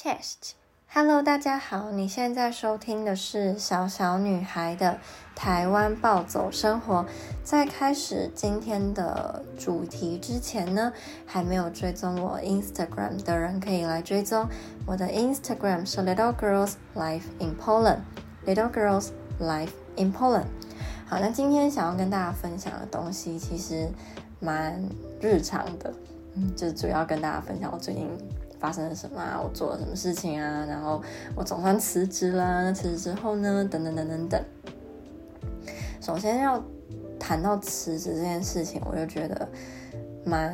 Chest，Hello，大家好。你現在收聽的是小小女孩的台灣暴走生活。在開始今天的主題之前呢，還沒有追蹤我 Instagram 的人可以來追蹤。我的 Instagram 是 Little Girls Life in Poland，Little Girls Life in Poland。好，那今天想要跟大家分享的東西其實蠻日常的，嗯，就是主要跟大家分享我最近，發生了什麼啊？我做了什麼事情啊？然後我總算辭職啦。辭職之後呢，等等等等等等。首先要談到辭職這件事情，我就覺得蠻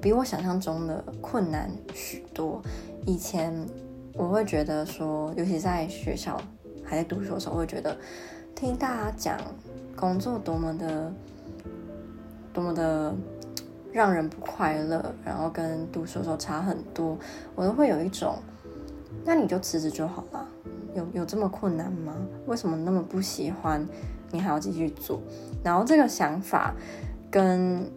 比我想象中的困難許多。以前我會覺得說，尤其在學校還在讀書的時候，我會覺得聽大家講工作多麼的多麼的。讓人不快樂，然後跟讀書的時候差很多，我都會有一種，那你就辭職就好了，有有這麼困難嗎？為什麼那麼不喜歡，你還要繼續做？然後這個想法，跟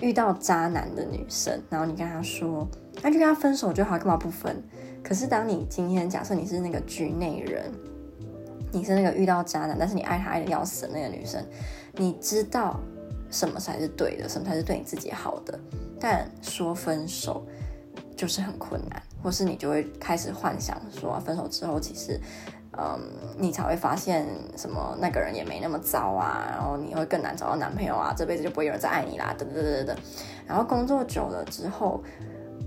遇到渣男的女生，然後你跟她說，那就跟他分手就好了，幹嘛不分？可是當你今天假設你是那個局內人，你是那個遇到渣男，但是你愛他愛得要死的那個女生，你知道。什麼才是，是對的？什麼才是對你自己好的？但說分手就是很困難，或是你就會開始幻想說、啊、分手之後，其實，嗯，你才會發現什麼那個人也沒那麼糟啊，然後你會更難找到男朋友啊，這輩子就不會有人再愛你啦，等等等等。然後工作久了之後，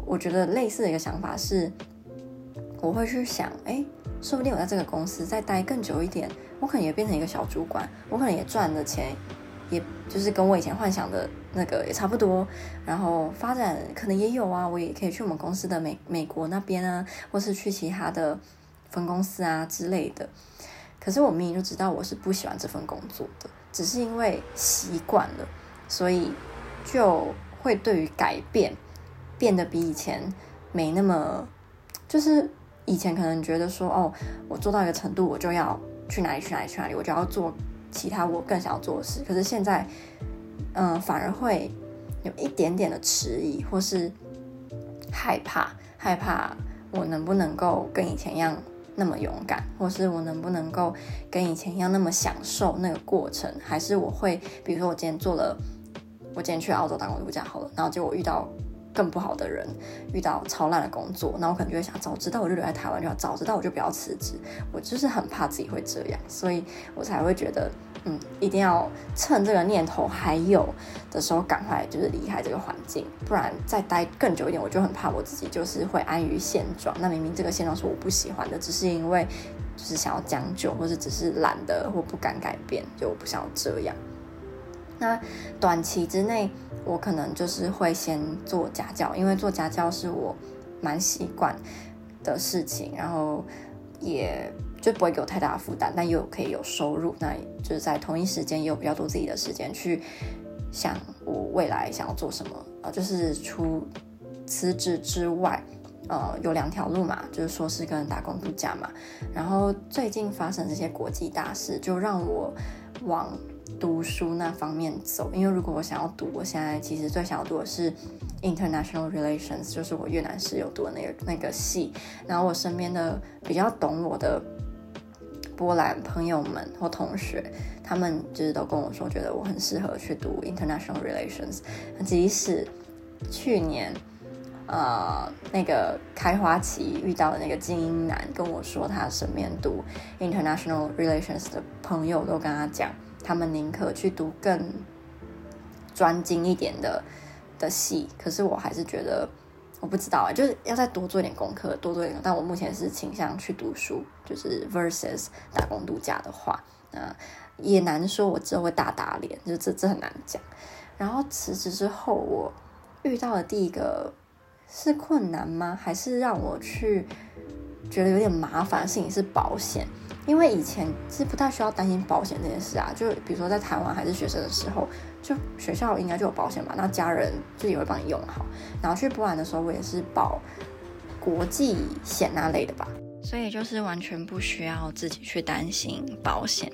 我覺得類似的一個想法是，我會去想，哎，說不定我在這個公司再待更久一點，我可能也變成一個小主管，我可能也賺了錢。也就是跟我以前幻想的那個也差不多，然後發展可能也有啊，我也可以去我們公司的美美國那邊啊，或是去其他的分公司啊之類的。可是我明明就知道我是不喜歡這份工作的，只是因為習慣了，所以就會對於改變變得比以前沒那麼，就是以前可能覺得說哦，我做到一個程度，我就要去哪裡去哪裡去哪裡，我就要做。其他我更想要做的事，可是現在，嗯、呃，反而會有一點點的遲疑，或是害怕，害怕我能不能夠跟以前一樣那麼勇敢，或是我能不能夠跟以前一樣那麼享受那個過程，還是我會，比如說我今天做了，我今天去澳洲打工度假好了，然後結果遇到。更不好的人，遇到超爛的工作，那我可能就會想：早知道我就留在台灣就好，早知道我就不要辭職。我就是很怕自己會這樣，所以我才會覺得，嗯，一定要趁這個念頭還有的時候趕快就是離開這個環境，不然再待更久一點，我就很怕我自己就是會安於現狀。那明明這個現狀是我不喜歡的，只是因為就是想要將就，或是只是懶得或不敢改變，就我不想要這樣。那短期之內，我可能就是會先做家教，因為做家教是我蠻習慣的事情，然後也就不會給我太大的負擔，但又可以有收入。那就是在同一時間也有比較多自己的時間去想我未來想要做什麼啊，呃，就是除辭職之外，呃，有兩條路嘛，就是說是跟打工度假嘛。然後最近發生這些國際大事，就讓我往讀書那方面走，因為如果我想要讀，我現在其實最想要讀的是 International Relations，就是我越南室友讀的那個、那個系。然後我身邊的比較懂我的波蘭朋友們或同學，他們就是都跟我說，覺得我很適合去讀 International Relations。即使去年，呃，那個開花期遇到的那個精英男跟我說，他身邊讀 International Relations 的朋友都跟他講。他們寧可去讀更專精一點的的系，可是我還是覺得，我不知道啊，就是要再多做一點功課，多做一點。但我目前是傾向去讀書，就是 versus 打工度假的話，那也難說，我之後會打打臉，就這這很難講。然後辭職之後，我遇到的第一個是困難嗎？還是讓我去？覺得有點麻煩的事情是保險，因為以前是不太需要擔心保險這件事啊。就比如說在台灣還是學生的時候，就學校應該就有保險吧，那家人自己會幫你用好。然後去波蘭的時候，我也是保國際險那類的吧。所以就是完全不需要自己去擔心保險，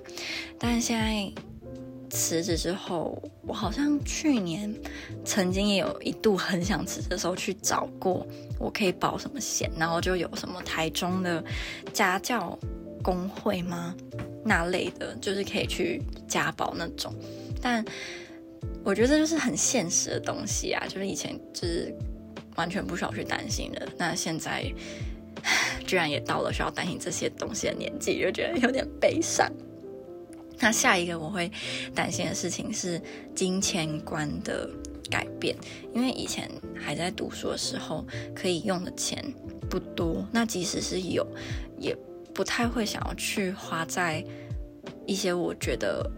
但現在。辭職之後，我好像去年曾經也有一度很想辭職的時候去找過，我可以保什麼險，然後就有什麼台中的家教工會嗎？那類的，就是可以去加保那種。但我覺得這就是很現實的東西啊，就是以前就是完全不需要去擔心的，那現在居然也到了需要擔心這些東西的年紀，就覺得有點悲傷。那下一個我會擔心的事情是金錢觀的改變，因為以前還在讀書的時候，可以用的錢不多，那即使是有，也不太會想要去花在一些我覺得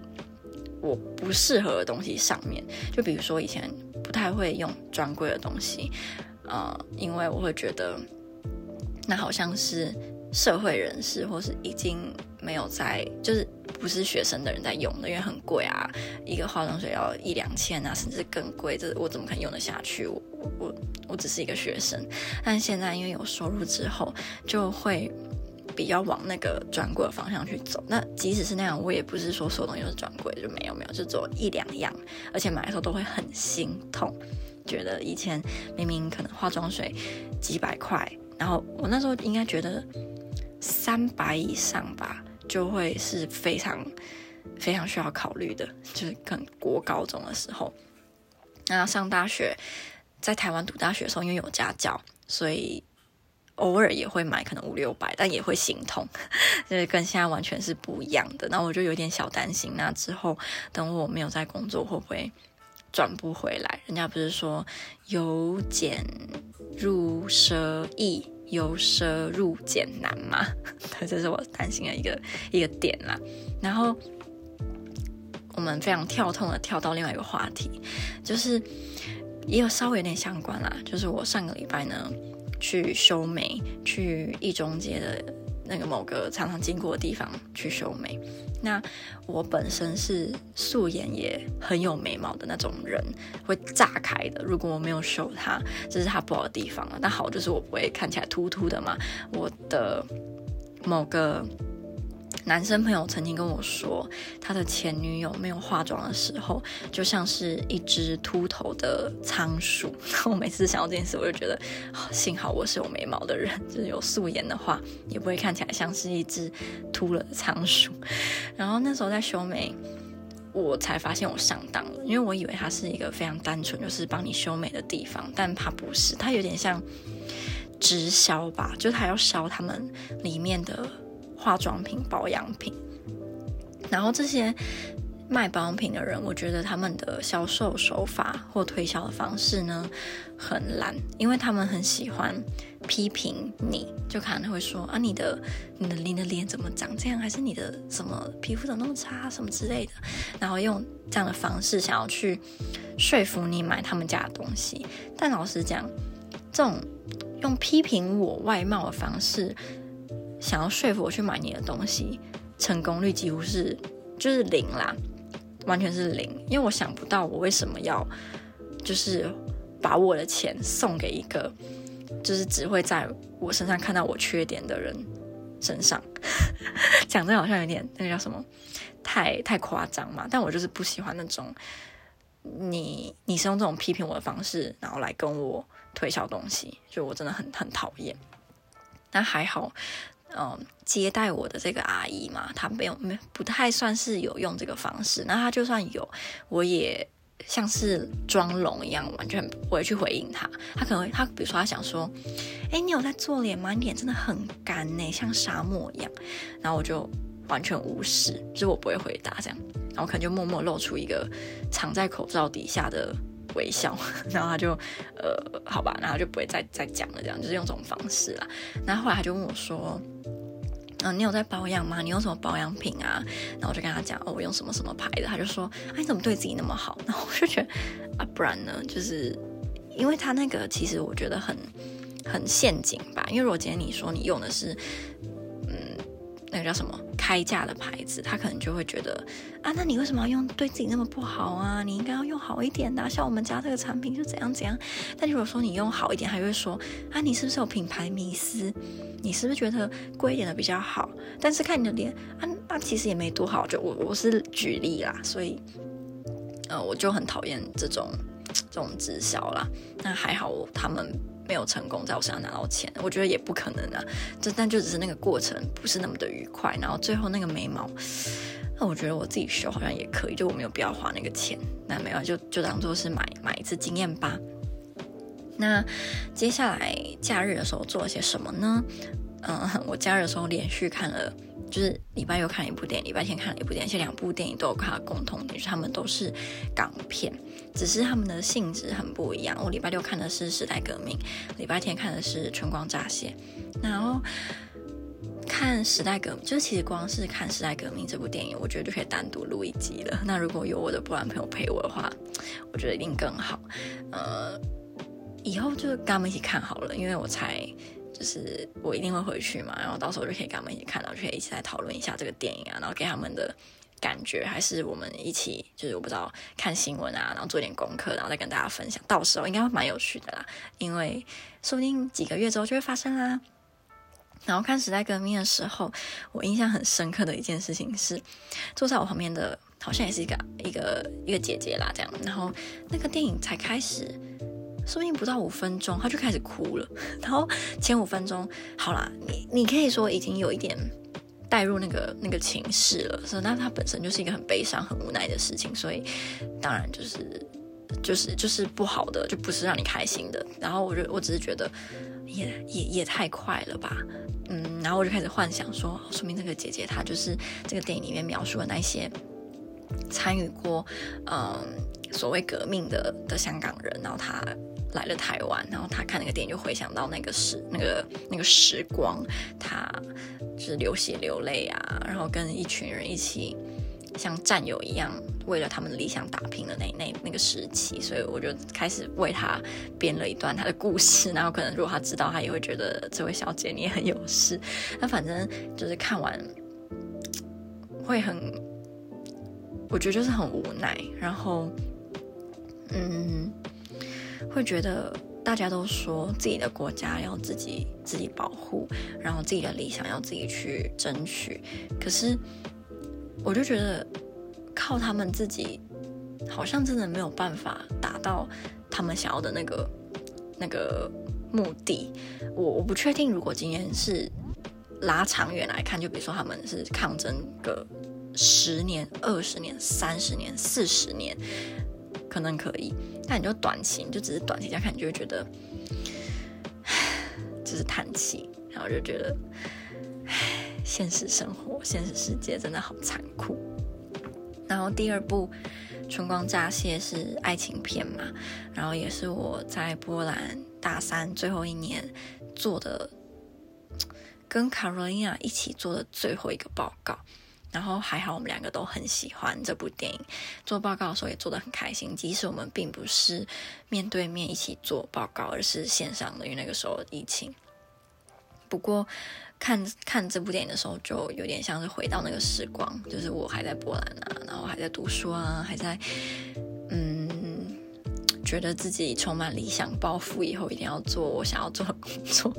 我不適合的東西上面。就比如說以前不太會用專櫃的東西，呃，因為我會覺得那好像是社會人士或是已經。沒有在，就是不是學生的人在用的，因為很貴啊，一個化妝水要一兩千啊，甚至更貴，這我怎麼可能用得下去？我我我只是一個學生。但現在因為有收入之後，就會比較往那個專櫃的方向去走。那即使是那樣，我也不是說所有東西專櫃就沒有沒有，就做一兩樣，而且買的時候都會很心痛，覺得以前明明可能化妝水幾百塊，然後我那時候應該覺得三百以上吧。就會是非常非常需要考慮的，就是可能國高中的時候，那上大學在台灣讀大學的時候，因為有家教，所以偶爾也會買可能五六百，但也會心痛，就是跟現在完全是不一樣的。那我就有點小擔心，那之後等我沒有在工作，會不會轉不回來？人家不是說由儉入奢易，由奢入儉難嘛， 這是我擔心的一個一個點啦。然後我們非常跳痛的跳到另外一個話題，就是也有稍微有點相關啦。就是我上個禮拜呢去修眉，去一中街的那個某個常常經過的地方去修眉。那我本身是素顏也很有眉毛的那種人，會炸開的。如果我沒有修它，這是它不好的地方。那好，就是我不會看起來禿禿的嘛。我的某個。男生朋友曾經跟我說，他的前女友沒有化妝的時候，就像是一隻禿頭的倉鼠。我每次想到這件事，我就覺得、哦、幸好我是有眉毛的人，就是有素顏的話，也不會看起來像是一隻禿了的倉鼠。然後那時候在修眉，我才發現我上當了，因為我以為它是一個非常單純，就是幫你修眉的地方，但它不是，它有點像直銷吧，就他要銷他們裡面的。化妝品、保養品，然後這些賣保養品的人，我覺得他們的銷售手法或推銷的方式呢，很爛，因為他們很喜歡批評你，就可能會說啊，你的、你的、你的臉怎麼長這樣，還是你的什麼皮膚怎麼那麼差，什麼之類的，然後用這樣的方式想要去說服你買他們家的東西。但老實講，這種用批評我外貌的方式，想要說服我去買你的東西，成功率幾乎是就是零啦，完全是零。因為我想不到我為什麼要，就是把我的錢送給一個就是只會在我身上看到我缺點的人身上。講 真的，好像有點那個叫什麼太太誇張嘛。但我就是不喜歡那種你你是用這種批評我的方式，然後來跟我推銷東西，就我真的很很討厭。那還好。嗯，接待我的這個阿姨嘛，她沒有沒不太算是有用這個方式。那她就算有，我也像是裝聾一樣，完全不會去回應她。她可能她比如說她想說，哎，你有在做臉嗎？你臉真的很乾呢、欸，像沙漠一樣。然後我就完全無視，就是我不會回答這樣。然後可能就默默露出一個藏在口罩底下的。微笑，然後他就，呃，好吧，然後就不會再再講了，這樣就是用這種方式啦。然後後來他就問我說：“嗯，啊，你有在保養嗎？你用什麼保養品啊？”然後我就跟他講：“哦，我用什麼什麼牌的。”他就說：“啊，你怎麼對自己那麼好？”然後我就覺得啊，不然呢？就是因為他那個其實我覺得很很陷阱吧。因為如果今天你說你用的是，嗯，那個叫什麼？開架的牌子，他可能就會覺得啊，那你為什麼要用，對自己那麼不好啊？你應該要用好一點的，啊，像我們家這個產品就怎樣怎樣。但如果說你用好一點，還會說啊，你是不是有品牌迷思？你是不是覺得貴一點的比較好？但是看你的臉啊，那其實也沒多好。就我我是舉例啦，所以呃，我就很討厭這種這種直銷啦。那還好，他們。沒有成功在我身上拿到錢，我覺得也不可能啊。這但就只是那個過程不是那麼的愉快，然後最後那個眉毛，那我覺得我自己修好像也可以，就我沒有必要花那個錢。那眉毛就就當做是買買一次經驗吧。那接下來假日的時候做了些什麼呢？嗯，我假日的時候連續看了。就是禮拜又看了一部電影，禮拜天看了一部電影，這兩部電影都有它的共同點，就是它們都是港片，只是它們的性質很不一樣。我禮拜六看的是《時代革命》，禮拜天看的是《春光乍洩》，然後看《時代革命》就是其實光是看《時代革命》這部電影，我覺得就可以單獨錄一集了。那如果有我的波蘭朋友陪我的話，我覺得一定更好。呃，以後就是跟他們一起看好了，因為我才。就是我一定會回去嘛，然後到時候就可以跟他們一起看到，然後就可以一起來討論一下這個電影啊，然後給他們的感覺，還是我們一起，就是我不知道看新聞啊，然後做點功課，然後再跟大家分享。到時候應該會蠻有趣的啦，因為說不定幾個月之後就會發生啦。然後看時代革命的時候，我印象很深刻的一件事情是，坐在我旁邊的好像也是一個一個一個姐姐啦，這樣，然後那個電影才開始。說不定不到五分鐘，他就開始哭了。然後前五分鐘，好啦，你你可以說已經有一點帶入那個那個情緒了。所以那它本身就是一個很悲傷、很無奈的事情，所以當然就是就是就是不好的，就不是讓你開心的。然後我就我只是覺得也也也太快了吧，嗯，然後我就開始幻想說，說明這個姐姐她就是這個電影裡面描述的那些參與過嗯所謂革命的的香港人，然後她。來了台灣，然後他看那個電影，就回想到那個時、那個那個時光，他就是流血流淚啊，然後跟一群人一起像戰友一樣，為了他們的理想打拼的那那那個時期，所以我就開始為他編了一段他的故事。然後可能如果他知道，他也會覺得這位小姐，你也很有事。那反正就是看完會很，我覺得就是很無奈。然後，嗯。會覺得大家都說自己的國家要自己自己保護，然後自己的理想要自己去爭取，可是我就覺得靠他們自己，好像真的沒有辦法達到他們想要的那個那個目的。我我不確定，如果今天是拉長遠來看，就比如說他們是抗爭個十年、二十年、三十年、四十年。可能可以，但你就短期，你就只是短期這樣看，你就會覺得唉，就是嘆氣，然後就覺得，唉，現實生活、現實世界真的好殘酷。然後第二部《春光乍泄》是愛情片嘛，然後也是我在波蘭大三最後一年做的，跟卡羅琳娜一起做的最後一個報告。然後還好，我們兩個都很喜歡這部電影，做報告的時候也做得很開心。即使我們並不是面對面一起做報告，而是線上的，因為那個時候的疫情。不過看看這部電影的時候，就有點像是回到那個時光，就是我還在波蘭啊，然後還在讀書啊，還在，嗯。覺得自己充滿理想抱負，以後一定要做我想要做的工作，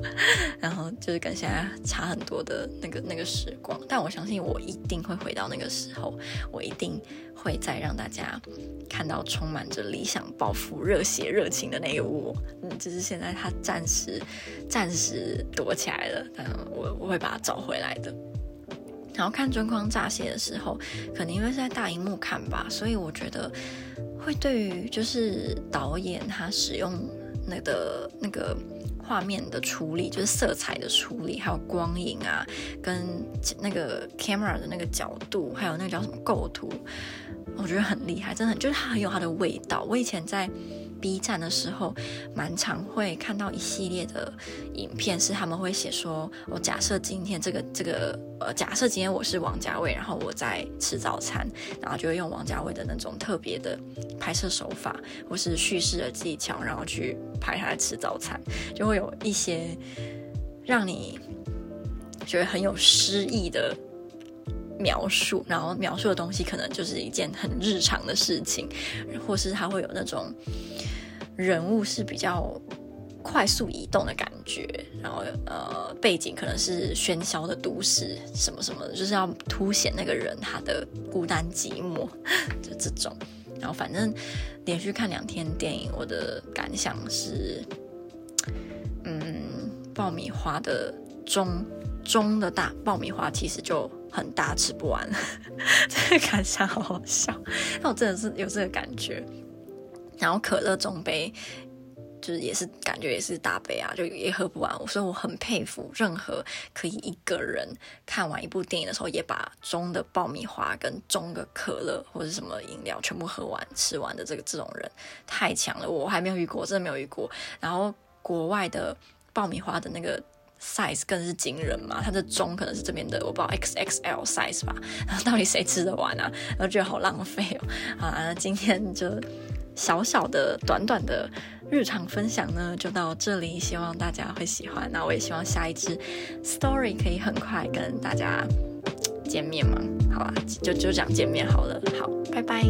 然後就是跟現在差很多的那個那個時光。但我相信我一定會回到那個時候，我一定會再讓大家看到充滿着理想抱負、熱血熱情的那個我。嗯，只、就是現在他暫時暫時躲起來了，嗯，我我會把它找回來的。然後看《春光乍洩》的時候，可能因為是在大熒幕看吧，所以我覺得。會對於就是導演他使用那個那個畫面的處理，就是色彩的處理，還有光影啊，跟那個 camera 的那個角度，還有那個叫什麼構圖，我覺得很厲害，真的很，就是他很有他的味道。我以前在。B 站的時候，蠻常會看到一系列的影片，是他們會寫說：“我、哦、假設今天這個這個呃，假設今天我是王家衛，然後我在吃早餐，然後就會用王家衛的那種特別的拍攝手法或是敘事的技巧，然後去拍他在吃早餐，就會有一些讓你覺得很有詩意的描述，然後描述的東西可能就是一件很日常的事情，或是他會有那種。”人物是比較快速移動的感覺，然後呃，背景可能是喧囂的都市什麼什麼的，就是要凸顯那個人他的孤單寂寞就這種。然後反正連續看兩天電影，我的感想是，嗯，爆米花的中中的大爆米花其實就很大，吃不完了。 這個感想好好笑，但我真的是有這個感覺。然後可樂中杯，就是也是感覺也是大杯啊，就也喝不完。所以我很佩服任何可以一個人看完一部電影的時候，也把中的爆米花跟中的可樂或者什麼飲料全部喝完吃完的這個這種人，太強了。我還沒有遇過，真的沒有遇過。然後國外的爆米花的那個 size 更是驚人嘛，它的中可能是這邊的，我不知道 XXL size 吧。然後到底誰吃得完啊？然後覺得好浪費哦。啊，那今天就。小小的短短的日常分享呢，就到這裡，希望大家會喜歡。那我也希望下一支 story 可以很快跟大家見面嘛，好吧？就就這樣見面好了。好，拜拜。